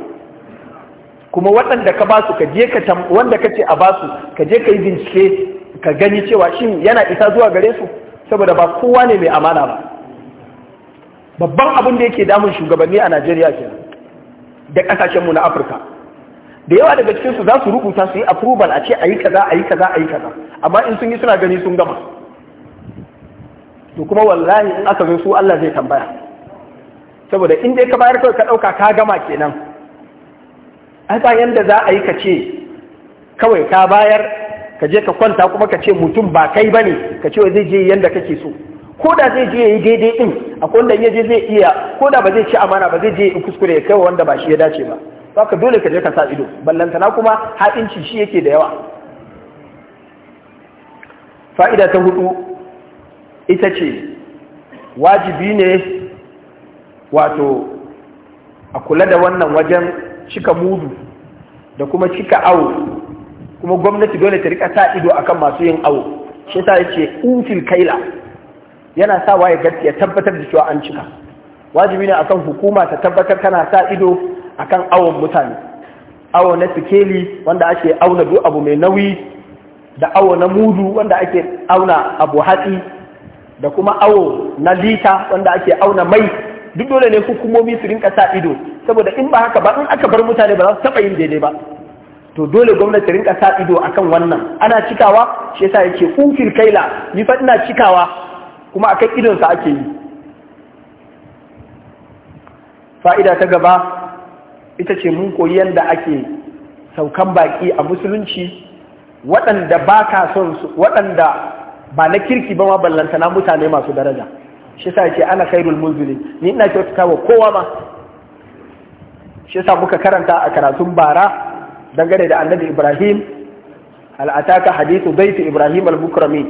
kuma waɗanda ka ba su ka je ka tam wanda ka ce a ba su ka je ka yi bincike ka gani cewa shin yana isa zuwa gare su saboda ba kowa ne mai amana ba babban abin da yake damun shugabanni a Najeriya ke da kasashen mu na Afirka da yawa daga cikin su za su rubuta su yi approval a ce ayi kaza ayi kaza ayi kaza amma in sun yi suna gani sun gama to kuma wallahi in aka zo su Allah zai tambaya saboda in dai ka bayar kai ka dauka ka gama kenan ai ba yanda za a yi ka ce kawai ka bayar ka je ka kwanta kuma ka ce mutum ba kai ba ne ka ce zai je yanda kake so ko da zai je ya yi daidai ɗin a kwanda ya je zai iya ko da ba zai ci amana ba zai je ya kuskure ya kai wanda ba shi ya dace ba Ba ka dole ka je ka sa ido ballantana kuma haɗinci shi yake da yawa fa'ida ta hudu ita ce wajibi ne wato a kula da wannan wajen cika mudu da kuma cika awo kuma gwamnati dole ta rika sa ido akan masu yin awo shi yasa yace util kaila yana sawa ya gaskiya tabbatar da cewa an cika wajibi ne akan hukuma ta tabbatar tana sa ido akan awon mutane awo na sikeli wanda ake auna duk abu mai nauyi da awo na mudu wanda ake auna abu hatsi da kuma awo na lita wanda ake auna mai duk dole ne hukumomi su rinka sa ido saboda in ba haka ba in aka bar mutane ba za su taɓa yin daidai ba to dole gwamnati rinka sa ido akan wannan ana cikawa shi yasa yake kufir kaila ni fa ina cikawa kuma akan idon sa ake yi fa'ida ta gaba ita ce mun koyi yanda ake saukan baki a musulunci waɗanda ba ka son su waɗanda ba na kirki ba ma ballantana mutane masu daraja shi sa ce ana khairul muzuli ni ina kyautata wa kowa ma shi sa muka karanta a karatun bara dangane da annabi ibrahim al'ataka hadithu baiti ibrahim al-bukrami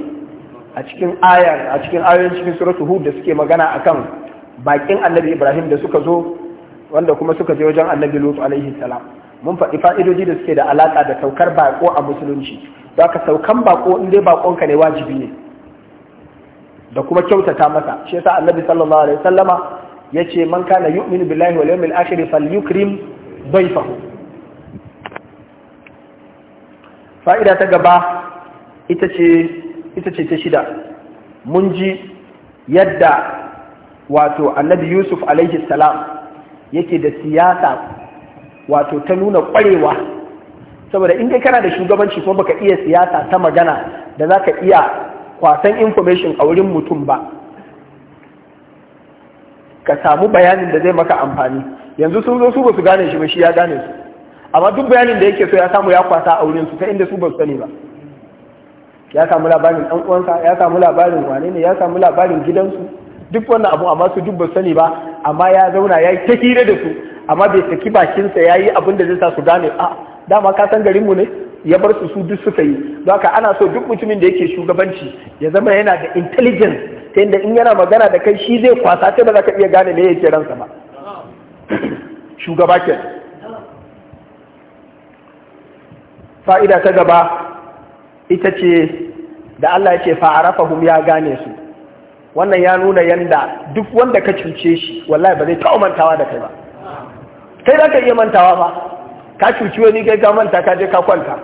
a cikin ayar a cikin ayoyin cikin suratul hud da suke magana akan bakin annabi ibrahim da suka zo wanda kuma suka je wajen annabi lut alaihi salam mun faɗi fa'idoji da suke da alaka da saukar bako a musulunci don ka saukan bako in dai bakonka ne wajibi ne da kuma kyautata masa shi yasa annabi sallallahu alaihi wasallama yace man kana yu'minu billahi wal yawmil akhir falyukrim dayfahu fa'ida ta gaba ita ce ita ce ta shida mun ji yadda wato annabi yusuf alaihi salam yake da siyasa wato ta nuna kwarewa saboda in kai kana da shugabanci kuma baka iya siyasa ta magana da zaka iya kwasan information a wurin mutum ba ka samu bayanin da zai maka amfani yanzu sun zo su ba su gane shi ba shi ya gane su amma duk bayanin da yake so ya samu ya kwasa a wurin su ta inda su ba su sani ba ya samu labarin ɗan uwansa ya samu labarin wane ne ya samu labarin gidansu duk wannan abu amma su duk ba sani ba amma ya zauna ya yi ta hira da su amma bai saki bakinsa ya yi abin da zai sa su gane a dama ka san garinmu ne ya bar su su duk suka yi don haka ana so duk mutumin da yake shugabanci ya zama yana da intelligence ta yadda in yana magana da kai shi zai kwasa ta ba za ka iya gane me yake ransa ba shugaba ke fa'ida ta gaba ita ce da Allah ya ce fa'arafahum ya gane su wannan ya nuna yanda duk wanda ka cuce shi wallahi ba zai taɓa mantawa da kai ba kai za ka iya mantawa ba ka cuci wani kai ka manta ka je ka kwanta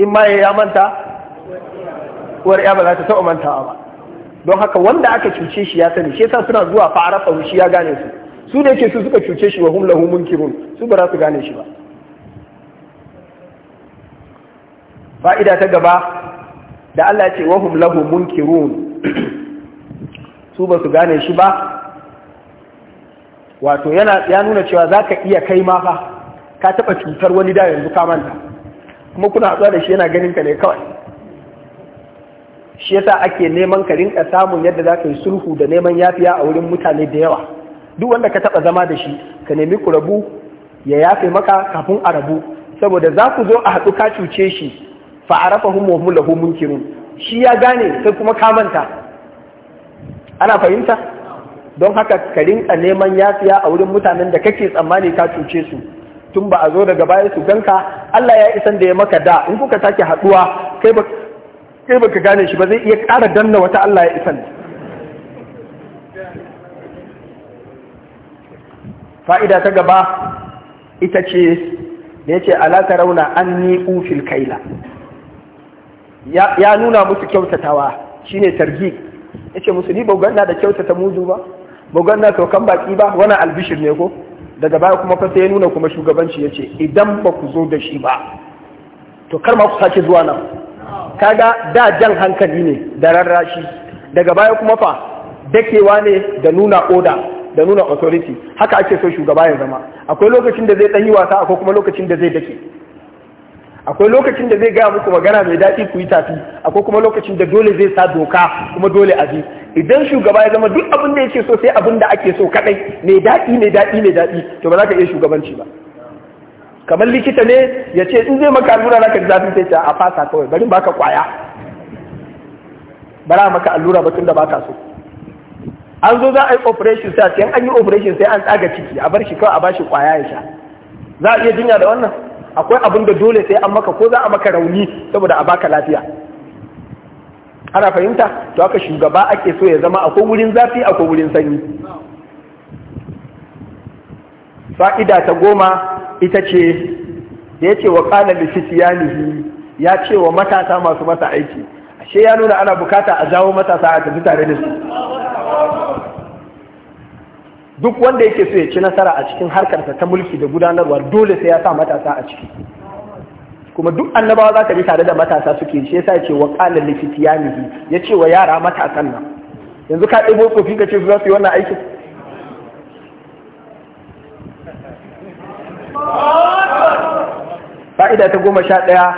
in ma ya manta uwar ya ba za ta taɓa mantawa ba don haka wanda aka cuce shi ya sani shi yasa suna zuwa fa arafa shi ya gane su su da yake su suka cuce shi wa hum lahu munkirun su ba za su gane shi ba fa'ida ta gaba da Allah ya ce wa hum lahu munkirun su ba su gane shi ba wato yana ya nuna cewa zaka iya kai ma fa ka taɓa cutar wani da yanzu ka manta kuma kuna haɗuwa da shi yana ganin ka ne kawai shi yasa ake neman ka rinka samun yadda za ka yi sulhu da neman yafiya a wurin mutane da yawa duk wanda ka taɓa zama da shi ka nemi ku rabu ya yafe maka kafin a rabu saboda za ku zo a haɗu ka cuce shi fa arafa hum wa hum lahu munkirun shi ya gane sai kuma ka manta ana fahimta don haka ka rinka neman yafiya a wurin mutanen da kake tsammani ka cuce su tun ba a zo daga baya su ganka Allah ya isan da ya maka da in kuka sake haduwa kai ba kai baka gane shi ba zai iya ƙara danna wata Allah ya isan fa'ida ta gaba ita ce da yace ala tarawna anni ufil kaila ya nuna musu kyautatawa shine targi yace musu ni ba ganna da kyautata muzu ba ba ganna to kan baki ba wannan albishir ne ko daga baya kuma fa sai ya nuna kuma shugabanci ya ce idan ba ku zo da shi ba to kar ma ku sake zuwa nan kaga da jan hankali ne da rarrashi daga baya kuma fa dakewa ne da nuna oda da nuna authority haka ake so shugaba ya zama akwai lokacin da zai ɗan yi wasa akwai kuma lokacin da zai dake akwai lokacin da zai gaya muku magana mai daɗi ku yi tafi akwai kuma lokacin da dole zai sa doka kuma dole a bi idan shugaba ya zama duk abin da yake so sai abin da ake so kadai mai daɗi mai daɗi mai daɗi to ba za ka iya shugabanci ba kamar likita ne ya ce in zai maka allura zaka ji zafi sai ta a fasa kawai bari baka kwaya bara maka allura ba tunda baka so an zo za a yi operation sai an yi operation sai an tsaga ciki a bar shi kawai a bashi kwaya ya sha za a iya jinya da wannan akwai abin da dole sai an maka ko za a maka rauni saboda a baka lafiya ana fahimta to haka shugaba ake so ya zama akwai wurin zafi akwai wurin sanyi fa'ida ta goma ita ce da ya ce wa ƙalar lifitiyanihi ya ce wa matasa masu masa aiki ashe ya nuna ana bukata a jawo matasa a tafi tare da su duk wanda yake so ya ci nasara a cikin harkarsa ta mulki da gudanarwa dole sai ya sa matasa a ciki kuma duk annabawa za ka ji tare da matasa suke shi yasa ce wa qala ya ya ce wa yara matasan nan yanzu ka ɗebo tsofi ka ce su za su yi wannan aikin fa'ida ta goma sha ɗaya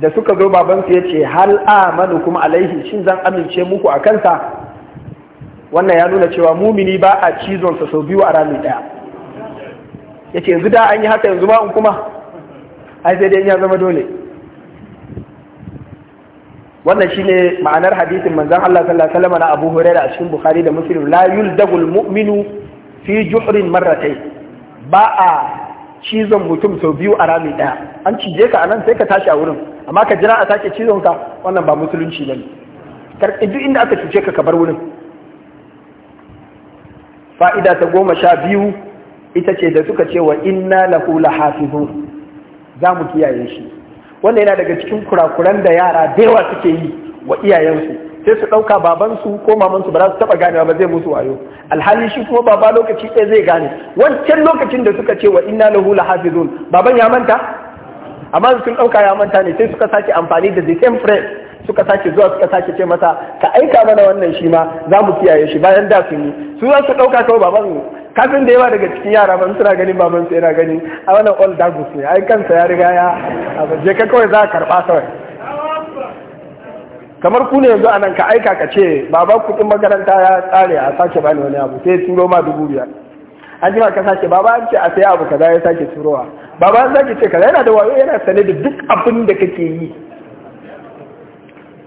da suka zo babansu ya ce hal amanu kuma alaihi shin zan amince muku a kansa wannan ya nuna cewa mumini ba a cizonsa sau biyu a rami ɗaya ya ce yanzu da an yi haka yanzu ba in kuma ai sai dai ya zama dole wannan shine ma'anar hadisin manzan Allah sallallahu alaihi wasallam na Abu Hurairah a cikin Bukhari da Muslim la yuldagul mu'minu fi juhrin marratay ba a cizon mutum sau biyu a rami ɗaya an cije ka anan sai ka tashi a wurin amma ka jira a sake cizon ka wannan ba musulunci bane duk inda aka cuce ka ka bar wurin fa'ida ta goma sha biyu ita ce da suka ce wa inna hafi lahafizun za mu kiyaye shi wannan yana daga cikin kurakuran da yara daewa suke yi wa iyayensu sai su ɗauka babansu ko mamansu ba za su taɓa ganewa ba zai musu wayo alhali shi kuma baba lokaci ɗaya zai gane wancan lokacin da suka ce wa inna hafi lahafizun baban ya manta amma sun ɗauka ya manta ne sai suka sake amfani da the same phrase suka sake zuwa suka sake ce masa ka aika mana wannan shi ma za mu kiyaye shi bayan da sun yi su za su ɗauka kawai baban kafin da yawa daga cikin yara ban suna ganin baban su yana gani a wannan all dagus ne ai kansa ya riga ya je ka kawai za ka karɓa kawai kamar ku ne yanzu anan ka aika ka ce baba kuɗin makaranta ya tsare a sake bani wani abu sai turo ma dubu biyar an jima ka sake baba an ce a sai abu kaza ya sake turowa baba an sake ce kaza yana da wayo yana sane da duk abin da kake yi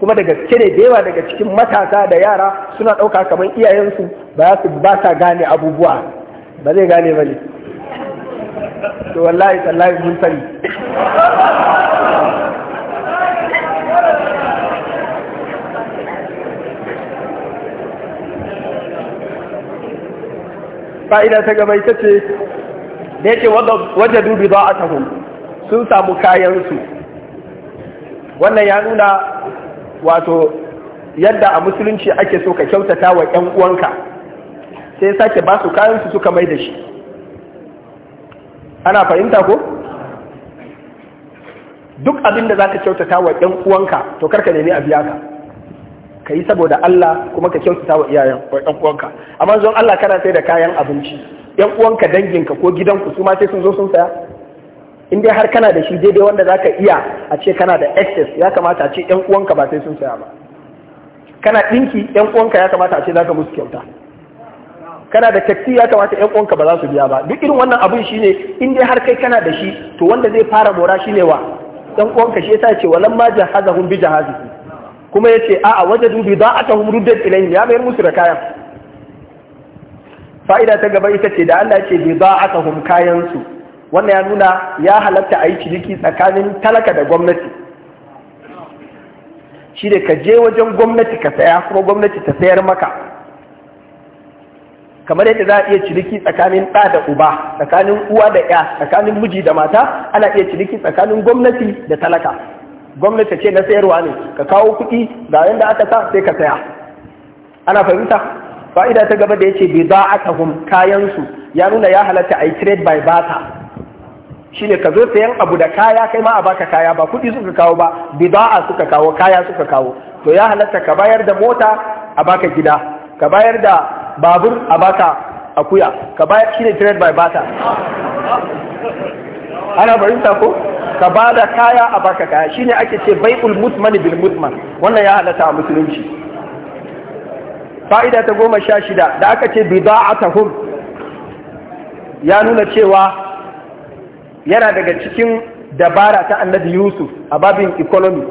kuma da gaske ne da yawa daga cikin matasa da yara suna ɗauka kamar iyayensu ba su ba sa gane abubuwa ba zai gane ba ne to wallahi tallahi mun sani fa'ida ta gaba ita ce da yake waje dubi za a sun samu kayansu wannan ya nuna wato yadda a musulunci ake so ka kyautata wa ‘yan uwanka sai sake ba su kayansu suka mai da shi ana fahimta ko? duk abin da za ka kyautata wa ‘yan uwanka to karka nemi a biya ka ka yi saboda Allah kuma ka kyautata wa iyayen wa ‘yan uwanka amma zuwan Allah kana sai da kayan abinci ‘yan uwanka danginka ko gidanku su ma sai sun zo sun saya in dai har kana da shi daidai wanda zaka iya a ce kana da excess ya kamata a ce yan uwanka ba sai sun saya ba kana ɗinki yan uwanka ya kamata a ce zaka musu kyauta kana da taxi ya kamata yan uwanka ba za su biya ba duk irin wannan abun shine in dai har kai kana da shi to wanda zai fara mora shine wa yan uwanka shi yasa ya ce walamma jahazahum bi jahazihi kuma ya ce a'a wajadu bida'atahum ruddat ilayhim ya mayar musu da kayan fa'ida ta gaba ita ce da Allah ya ce bida'atahum kayan su wannan ya nuna ya halatta a yi ciniki tsakanin talaka da gwamnati shi da ka je wajen gwamnati ka saya kuma gwamnati ta sayar maka kamar yadda za a iya ciniki tsakanin ɗa da uba tsakanin uwa da ya tsakanin miji da mata ana iya ciniki tsakanin gwamnati da talaka gwamnati ce na sayarwa ne ka kawo kuɗi ga yadda aka sa sai ka saya ana fahimta fa'ida ta gaba da ya ce bai za a kayansu ya nuna ya halatta a yi trade by barter ne ka zo sayan abu da kaya kai ma a baka kaya ba kuɗi suka kawo ba bida'a suka kawo kaya suka kawo to ya halatta ka bayar da mota a baka gida ka bayar da babur a baka akuya ka bayar shi ne trade by barter ana barinta ko ka ba da kaya a baka kaya ne ake ce bai'ul mutman bil mutman wannan ya halatta a musulunci fa'ida ta goma sha shida da aka ce bida'atahum ya nuna cewa yana daga cikin dabara ta annabi yusuf a babin economy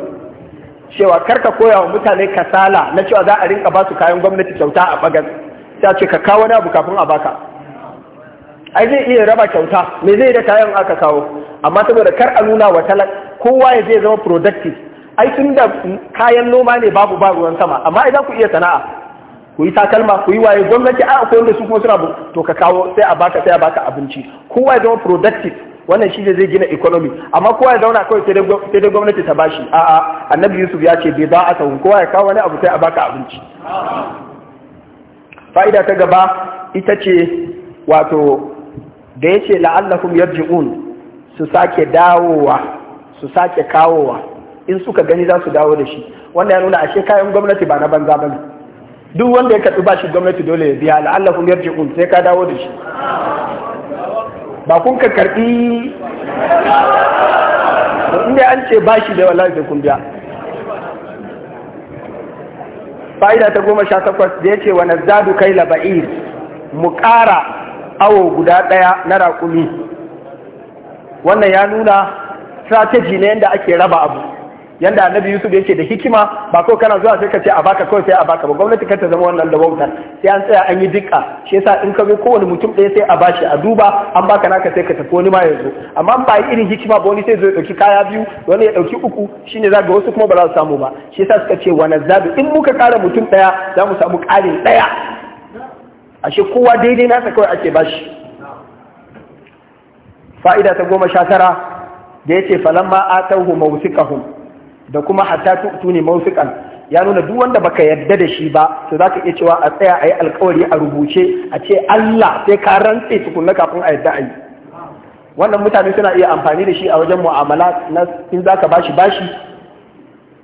cewa karka koya wa mutane kasala na cewa za a rinka ba su kayan gwamnati kyauta a bagas ta ce ka kawo wani abu kafin a baka ai zai iya raba kyauta me zai da kayan aka kawo amma saboda kar a nuna wa talak kowa ya zai zama productive ai tun da kayan noma ne babu ba ruwan sama amma idan ku iya sana'a ku yi takalma ku yi waye gwamnati a akwai wanda su kuma suna to ka kawo sai a baka sai a baka abinci kowa ya zama productive wannan shi ne zai gina economy amma kowa ya zauna kawai sai dai gwamnati ta bashi a'a annabi yusuf ya ce bai ba a sahun kowa ya kawo wani abu sai a baka abinci fa'ida ta gaba ita ce wato da ya ce la'allakum yarji'un su sake dawowa su sake kawowa in suka gani za su dawo da shi wannan ya nuna ashe kayan gwamnati ba na banza bane duk wanda ya karbi bashi gwamnati dole ya biya la'allakum yarji'un sai ka dawo da shi ba kun ka karbi inda an ce ba shi da wallahi sai kun biya fa'ida ta goma sha takwas da ya ce wa nazadu kai laba'ir mu ƙara awo guda ɗaya na raƙumi wannan ya nuna strategy na yadda ake raba abu yanda annabi yusuf yake da hikima ba ko kana zuwa sai ka ce a baka kawai sai a baka ba gwamnati kar ta zama wannan da wautar sai an tsaya an yi dukka shi yasa in ka zo kowane mutum ɗaya sai a bashi a duba an baka naka sai ka tafi wani ma yanzu amma ba yi irin hikima ba wani sai zo ya ɗauki kaya biyu wani ya ɗauki uku shi ne za ga wasu kuma ba za su samu ba shi yasa suka ce wani zabi in muka kara mutum ɗaya za mu samu ƙarin ɗaya ashe kowa daidai nasa kawai ake bashi fa'ida ta goma sha tara da ya ce falamma atauhu mawsikahum da kuma hatta tuni mawfiqan ya nuna duk wanda baka yadda da shi ba to zaka iya cewa a tsaya ayi alkawari a rubuce a ce Allah sai ka rantse tukunna kafin a yadda ayi wannan mutane suna iya amfani da shi a wajen mu'amala na in zaka bashi bashi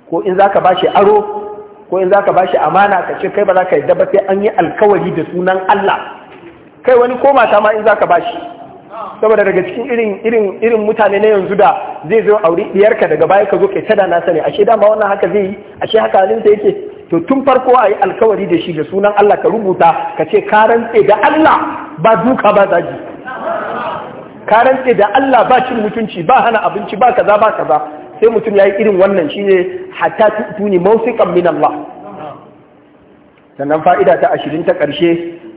ko in zaka bashi aro ko in zaka bashi amana ka ce kai ba zaka yadda ba sai an yi alkawari da sunan Allah kai wani ko mata ma in zaka bashi saboda daga cikin irin mutane na yanzu da zai zo aure diyarka daga baya ka zo kai tada na sani ashe dama wannan haka zai yi ashe haka halin sa yake to tun farko ayi alkawari da shi da sunan Allah ka rubuta ka ce karan rantse da Allah ba duka ba zaji ka rantse da Allah ba cin mutunci ba hana abinci ba kaza ba kaza sai mutum ya yi irin wannan shine hatta tuni mawsiqan min Allah sannan fa'ida ta ashirin ta ƙarshe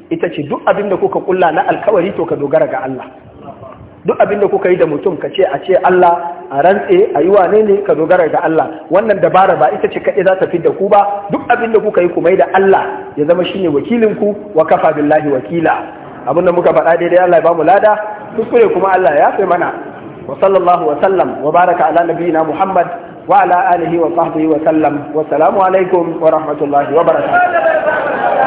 ita ce duk abin da kuka kulla na alkawari to ka dogara ga Allah duk abin da kuka yi da mutum ka ce a ce Allah a rantse a yi wane ne ka dogara ga Allah wannan dabara ba ita ce kaɗai za ta fi da ku ba duk abin da kuka yi ku mai da Allah ya zama shine wakilin ku wa kafa billahi wakila abin da muka faɗa daidai Allah ya bamu lada kuskure kuma Allah ya fi mana wa sallallahu wa sallam wa baraka ala nabiyina Muhammad wa ala alihi wa sahbihi wa sallam wa salamu alaikum wa rahmatullahi wa barakatuh